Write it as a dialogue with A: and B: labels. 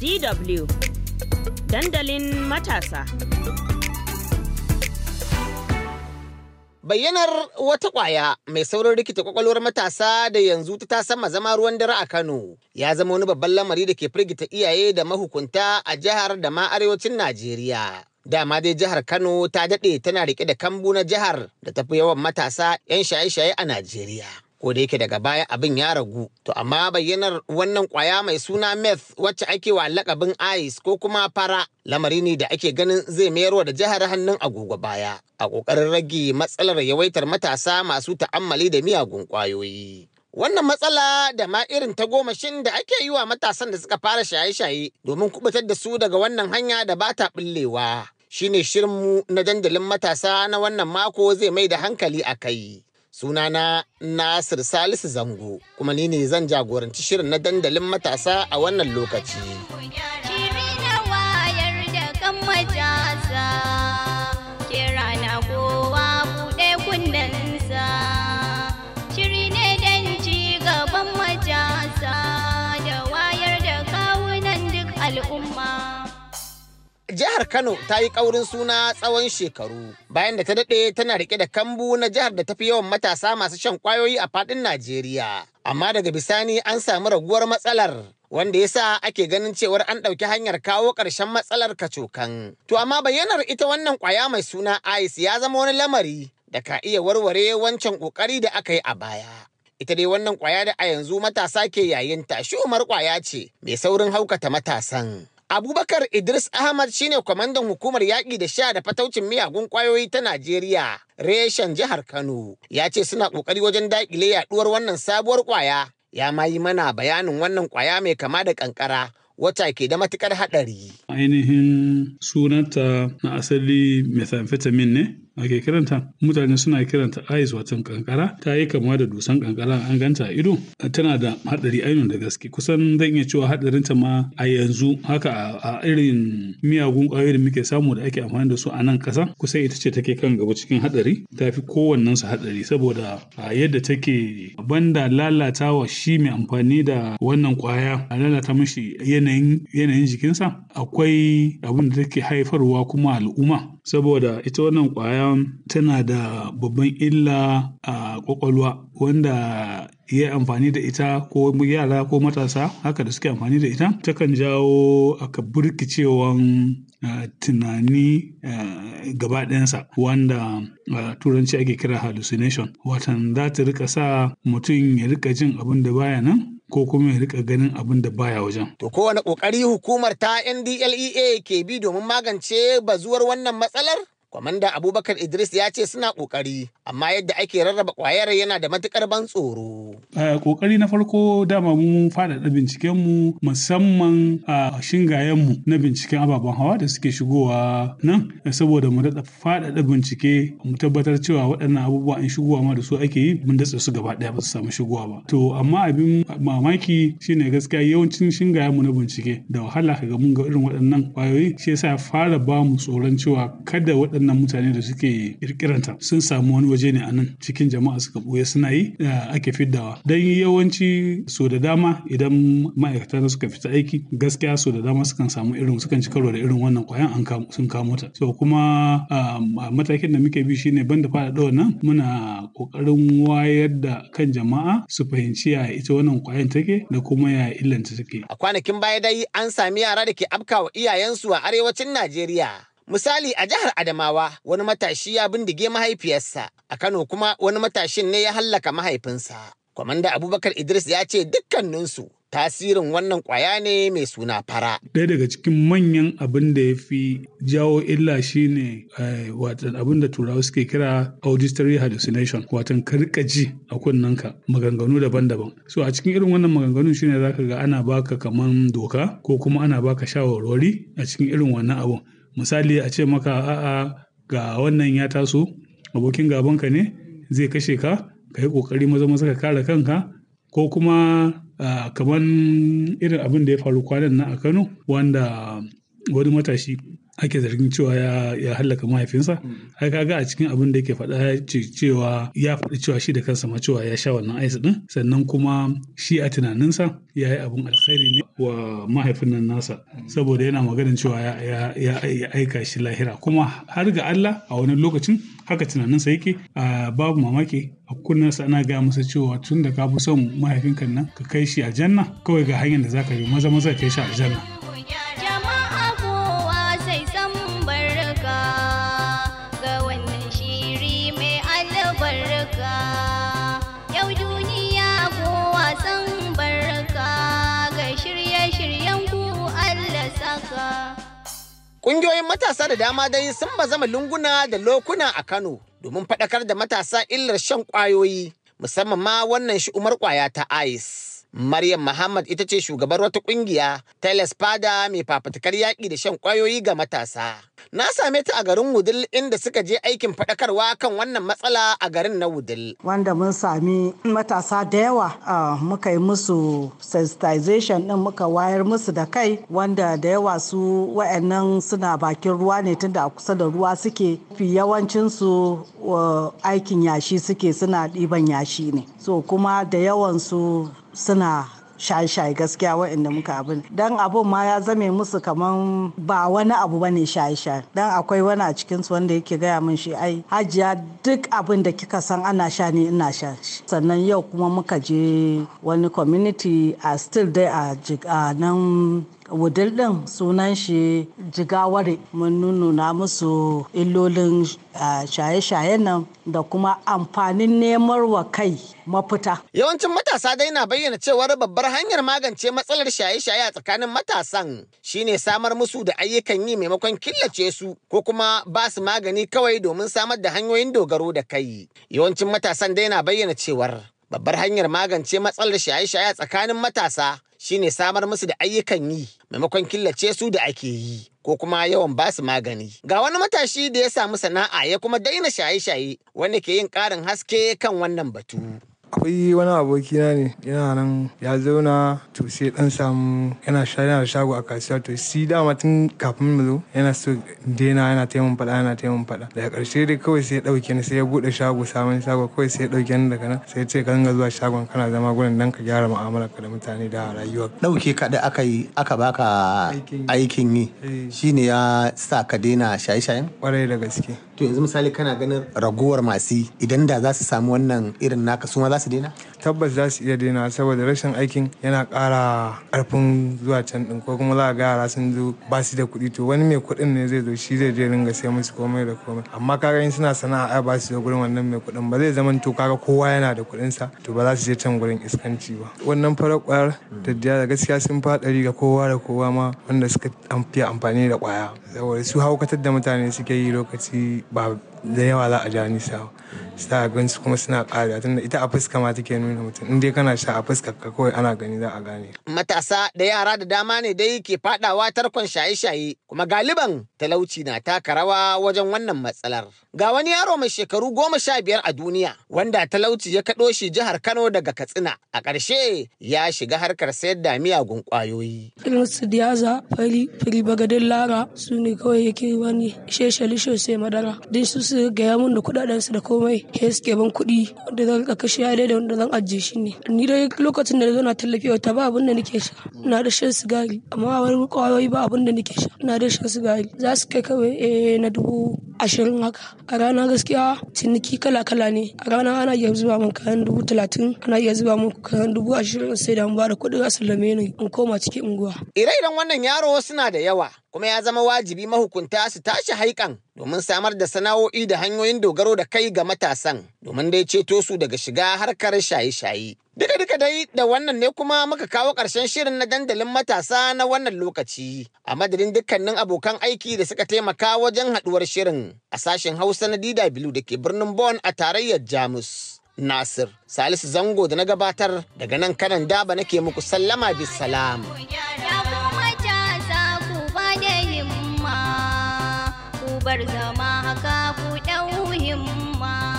A: DW dandalin matasa. Bayyanar
B: wata kwaya mai saurin rikita kwakwalwar matasa da yanzu ta sama zama ruwan dare a Kano ya zama wani babban lamari da ke firgita iyaye da mahukunta a jihar da ma arewacin Najeriya. Dama dai jihar Kano ta daɗe tana riƙe da kambu na jihar da tafi yawan matasa 'yan shaye-shaye a Najeriya. ko da yake daga baya abin ya ragu to amma bayyanar wannan kwaya mai suna meth wacce ake wa lakabin ice ko kuma fara lamari ne da ake ganin zai wa da jihar hannun agogo baya a kokarin rage matsalar yawaitar matasa masu ta'ammali da miyagun kwayoyi wannan matsala da ma irin ta goma shin da ake yi wa matasan da suka fara shaye-shaye domin kubutar da su daga wannan hanya da ba ta ɓullewa shine shirinmu na dandalin matasa na wannan mako zai mai da hankali a kai Sunana Nasir Salisu Zango kuma ni ne zan jagoranci shirin na dandalin matasa a wannan lokaci. jihar Kano ta yi ƙaurin suna tsawon shekaru bayan da ta daɗe tana riƙe da kambu na jihar da tafi yawan matasa masu shan ƙwayoyi a faɗin Najeriya. Amma daga bisani an samu raguwar matsalar wanda ya sa ake ganin cewar an ɗauki hanyar kawo ƙarshen matsalar kacokan. To amma bayyanar ita wannan ƙwaya mai suna ais ya zama wani lamari da ka iya warware wancan ƙoƙari da aka yi a baya. Ita dai wannan ƙwaya da a yanzu matasa ke yayin ta shumar ƙwaya ce mai saurin haukata matasan. Abubakar Idris Ahmad shine kwamandan hukumar yaƙi da sha da fataucin miyagun ƙwayoyi ta Najeriya, reshen jihar Kano. Ya ce suna ƙoƙari wajen daƙile yaɗuwar wannan sabuwar ƙwaya. Ya ma yi mana bayanin wannan ƙwaya mai kama da ƙanƙara. wata ke da matukar haɗari.
C: Ainihin sunanta na asali methamphetamine ne, ake kiranta mutane suna kiranta ice watan kankara ta yi kama da dusan kankara an ganta a ido tana da hadari ainihin da gaske kusan zan iya cewa hadarinta ma a yanzu haka a irin miyagun kwayoyi da muke samu da ake amfani da su a nan kasa kusan ita ce take kan gaba cikin hadari ta fi kowannen su hadari saboda a yadda take banda lalatawa shi mai amfani da wannan kwaya a lalata mishi yanayin jikinsa akwai abin da take haifarwa kuma al'umma saboda ita wannan kwaya tana da babban illa a ƙwaƙwalwa wanda ya amfani da ita ko yara ko matasa haka da suke amfani da ita takan jawo aka burkicewan tunani gabaɗansa, wanda turanci ake kira hallucination watan za ta rika sa mutum ya rika jin abin da baya nan ko kuma ya rika ganin abin da baya wajen. To
B: kowane ƙoƙari hukumar ta NDLEA ke bi domin magance bazuwar wannan matsalar? Kwamanda Abubakar Idris ya ce suna ƙoƙari, amma yadda ake rarraba ƙwayar yana da matukar ban tsoro.
C: Eh, ƙoƙari na farko dama mu faɗaɗa mu musamman a mu na binciken ababen hawa da suke shigowa nan, eh, saboda mu daɗa faɗaɗa bincike mu tabbatar cewa waɗannan abubuwa in shigowa ma da su ake yi mun datse su gaba ɗaya ba su samu shigowa ba. To amma abin mamaki shine gaskiya yawancin shingayen mu na bincike da wahala ga mun ga irin waɗannan ƙwayoyi shi yasa fara ba mu tsoron cewa kada waɗannan waɗannan mutane da suke kirkiranta sun samu wani waje ne a nan cikin jama'a suka ɓoye suna yi ake fiddawa don yawanci so da dama idan ma'aikata suka fita aiki gaskiya so da dama sukan samu irin sukan ci karo da irin wannan ƙwayan an sun kamo ta so kuma a um, matakin da muke bi shine banda ɗau wannan muna ƙoƙarin wayar da kan jama'a su fahimci ya ita wannan kwayan take da kuma ya illanta take a
B: kwanakin baya dai an sami yara da ke afkawa iyayensu a arewacin Najeriya Misali a jihar Adamawa wani matashi ya bindige mahaifiyarsa, a Kano kuma wani matashin ne ya hallaka mahaifinsa. Kwamanda Abubakar Idris ya ce dukkaninsu tasirin wannan kwaya ne mai suna fara.
C: Ɗaya daga cikin manyan abin da ya fi jawo illa shine eh, watan abin da turawa suke kira auditory hallucination watan karkaji a kunnanka maganganu daban-daban. So a cikin irin wannan maganganun shine zaka ga ana baka kaman doka ko kuma ana baka shawarwari a cikin irin wannan abun. Misali a ce maka a'a ga wannan ya taso abokin gabanka ne zai kashe ka, ka yi ƙoƙari maza-maza ka kare kanka ko kuma kamar irin abin da ya faru kwanan nan a Kano wanda wani matashi. ake zargin cewa ya ya hallaka mahaifinsa mm. ai ga a cikin abin da yake faɗa cewa ya faɗi cewa shi da kansa ma cewa ya sha wannan ice din sannan kuma shi a tunaninsa ya yi abin alkhairi ne wa mahaifin nan nasa mm. saboda yana maganin cewa ya aika shi lahira kuma har ga Allah a wani lokacin haka tunaninsa yake babu mamaki a kunnensa ana gaya masa cewa tun da ka fi son mahaifinka nan ka kai shi a janna kawai ga hanyar da za ka bi maza maza kai shi a janna
B: Ƙungiyoyin matasa da dama dai sun bazama lunguna da lokuna a Kano domin faɗakar da matasa illar shan ƙwayoyi musamman ma wannan shi umar ƙwaya ta ais Maryam Muhammad ita ce shugabar wata ƙungiya ta mai fafatakar yaƙi da shan ƙwayoyi ga matasa. Na same ta a garin Wudil inda suka je aikin faɗakarwa kan wannan matsala a garin na Wudil.
A: Wanda mun sami matasa da yawa muka yi musu sensitization ɗin muka wayar musu da kai wanda da yawa su wa'annan suna bakin ruwa ne tunda a kusa da ruwa suke fi yawancinsu aikin yashi suke suna ɗiban yashi ne. So kuma da yawansu suna shaye-shaye gaskiya waɗanda muka abin dan abun ma ya zame musu kamar. ba wani abu ba ne shaye-shaye dan akwai wani a cikinsu wanda yake gaya mun shi ai hajiya duk abin da kika san ana sha ne ina sha sannan yau kuma muka je wani community a still dai a nan wudil ɗin sunan shi jigaware mun nuna musu illolin shaye shaye nan da kuma amfanin neman wa kai mafita.
B: Yawancin matasa dai na bayyana cewar babbar hanyar magance matsalar shaye-shaye a tsakanin matasan shine samar musu da ayyukan yi maimakon killace su ko kuma ba su magani kawai domin samar da hanyoyin dogaro da kai. Yawancin matasan dai na bayyana cewar babbar hanyar magance matsalar shaye-shaye a tsakanin matasa shine samar musu da ayyukan yi maimakon killace su da ake yi ko kuma yawan ba su magani. Ga wani matashi da ya samu sana'a ya kuma daina shaye-shaye wanda ke yin ƙarin haske kan wannan batu.
D: Akwai wani abokina ne yana nan ya zauna to sai ya samu yana da shago a kasuwa to shi dama tun kafin mu zo yana so daina yana taimin faɗa yana taimin fada Daga ƙarshe dai kawai sai ya ɗauke ni sai ya buɗe shago samun shago kawai sai ya ɗauke ni daga nan sai ce ka zuwa shagon kana zama gurin dan ka gyara ka da mutane da rayuwa
B: dauke ka da aka yi aka baka aikin yi eh. shine ya sa ka daina shaye-shayen? Kwarai da gaske. To yanzu misali kana ganin ragowar masu idan da za su samu wannan irin naka suma za su su daina
D: tabbas za su iya daina saboda rashin aikin yana kara karfin zuwa can din ko kuma za a yara sun zo ba su da kuɗi to wani mai kuɗin ne zai zo shi zai je ringa sai musu komai da komai amma kaga in suna sana'a ai ba su zo gurin wannan mai kuɗin ba zai zama to kaga kowa yana da kuɗin sa to ba za su je can gurin iskanci ba wannan farar ƙwayar da da gaskiya sun faɗari ga kowa da kowa ma wanda suka amfani da ƙwaya saboda su haukatar da mutane suke yi lokaci ba da yawa za a ja nisa sa abinci kuma suna ƙara tunda ita a fuska ma take nuna mutum in dai kana sha a fuska ka kawai ana gani za a gane
B: matasa da yara da dama ne dai ke fadawa tarkon shaye-shaye kuma galiban talauci na taka rawa wajen wannan matsalar Ga wani yaro mai shekaru goma sha biyar a duniya wanda talauci ya kaɗo shi jihar Kano daga Katsina. A ƙarshe ya shiga harkar sayar da miyagun ƙwayoyi.
A: Irin diyaza, fari, bagadin lara su ne kawai yake wani sheshali sai madara. Dai su su gaya mun da kuɗaɗen su da komai ke suke ban kuɗi wanda zan ka kashe ya da wanda zan ajiye shi ne. Ni dai lokacin da zo na tallafi wata ba abin da nake sha. Na da shan sigari amma wani ƙwayoyi ba abin da nake sha. Na da shan sigari za su kai kawai eh, na dubu ashirin haka. A rana gaskiya ciniki kala kala ne. A rana ana iya zuba min kayan dubu talatin, ana iya zuba min kayan dubu ashirin sai da an bada kuɗi a sallame in koma cikin unguwa.
B: Ire-iren wannan yaro suna da yawa. kuma ya zama wajibi mahukunta su tashi haikan domin samar da sana'o'i da hanyoyin dogaro da kai ga matasan domin dai ceto su daga shiga harkar shaye-shaye. Duka duka dai da wannan ne kuma muka kawo ƙarshen shirin na dandalin matasa na wannan lokaci a madadin dukkanin abokan aiki da suka taimaka wajen haɗuwar shirin a sashen Hausa na DW da ke birnin Bon a tarayyar Jamus. Nasir Salisu Zango da na gabatar daga nan kanan daba nake muku sallama bisalam.
A: salam. bar zama haka ku ɗau himma